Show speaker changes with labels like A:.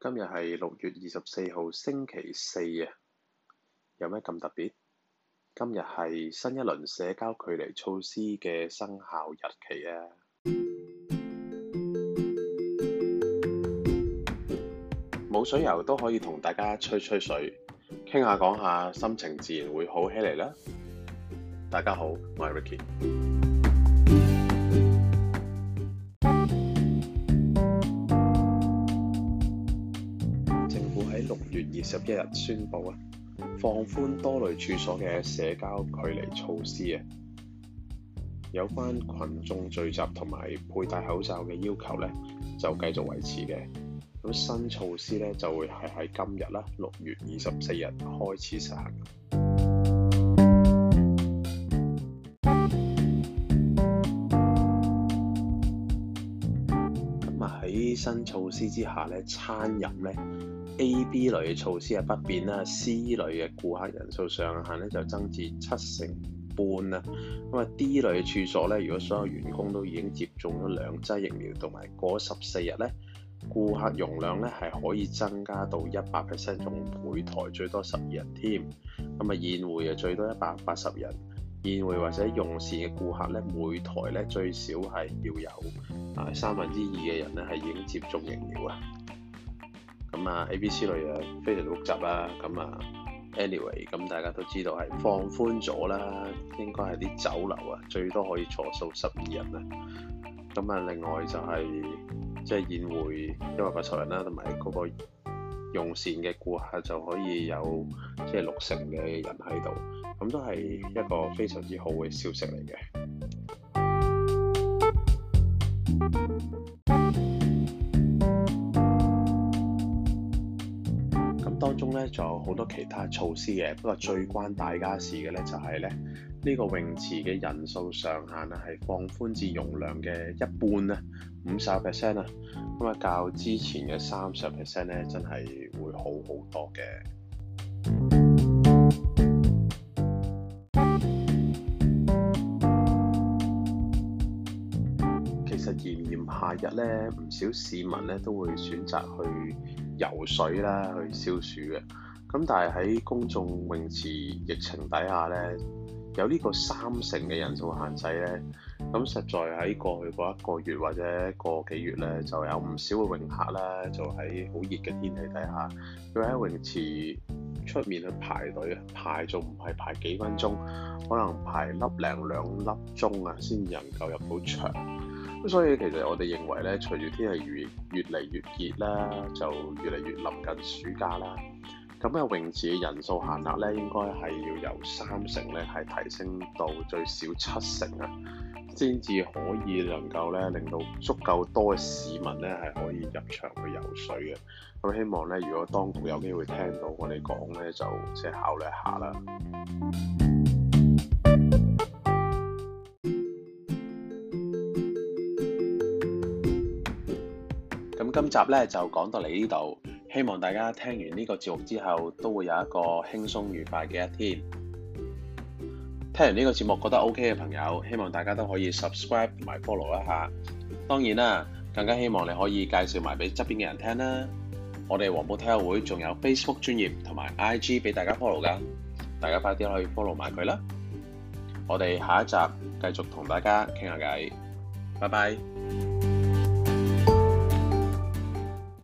A: 今日係六月二十四號星期四啊！有咩咁特別？今日係新一輪社交距離措施嘅生效日期啊！冇水游都可以同大家吹吹水，傾下講下，心情自然會好起嚟啦！大家好，我係 Ricky。喺六月二十一日宣布啊，放寬多類處所嘅社交距離措施啊，有關群眾聚集同埋佩戴口罩嘅要求咧，就繼續維持嘅。咁新措施咧，就會係喺今日啦，六月二十四日開始實行。新措施之下咧，餐飲咧 A、B 類嘅措施係不變啦。C 類嘅顧客人數上限咧就增至七成半啦。咁啊 D 類嘅處所咧，如果所有員工都已經接種咗兩劑疫苗同埋過咗十四日咧，顧客容量咧係可以增加到一百 percent，用每台最多十二人添。咁啊，宴會啊最多一百八十人。宴會或者用膳嘅顧客咧，每枱咧最少係要有啊三分之二嘅人咧係已經接種疫苗啊。咁啊，A、B、C 類啊非常複雜啦。咁啊，anyway，咁大家都知道係放寬咗啦，應該係啲酒樓啊，最多可以坐數十二人啊。咁啊，另外就係即係宴會，因為個人啦，同埋嗰個。用膳嘅顧客就可以有即係六成嘅人喺度，咁都係一個非常之好嘅消息嚟嘅。咁當中咧仲有好多其他措施嘅，不過最關大家事嘅咧就係咧。呢個泳池嘅人數上限啊，係放寬至容量嘅一半咧，五十 percent 啊，咁啊，較之前嘅三十 percent 咧，真係會好好多嘅。其實炎炎夏日咧，唔少市民咧都會選擇去游水啦，去消暑嘅。咁但係喺公眾泳池疫情底下咧。有呢個三成嘅人數限制呢。咁實在喺過去嗰一個月或者個幾月呢，就有唔少嘅泳客呢，就喺好熱嘅天氣底下，要喺泳池出面去排隊，排仲唔係排幾分鐘，可能排粒零兩粒鐘啊，先能夠入到場。咁所以其實我哋認為呢，隨住天氣越越嚟越熱啦，就越嚟越臨近暑假啦。咁嘅泳池嘅人數限額咧，應該係要由三成咧，係提升到最少七成啊，先至可以能夠咧，令到足夠多嘅市民咧，係可以入場去游水嘅。咁希望咧，如果當局有機會聽到我哋講咧，就即係考慮一下啦。咁今集咧就講到嚟呢度。希望大家聽完呢個節目之後都會有一個輕鬆愉快嘅一天。聽完呢個節目覺得 OK 嘅朋友，希望大家都可以 subscribe 同埋 follow 一下。當然啦，更加希望你可以介紹埋俾側邊嘅人聽啦。我哋黃埔體育會仲有 Facebook 專頁同埋 IG 俾大家 follow 噶，大家快啲去 follow 埋佢啦。我哋下一集繼續同大家傾下偈，拜拜。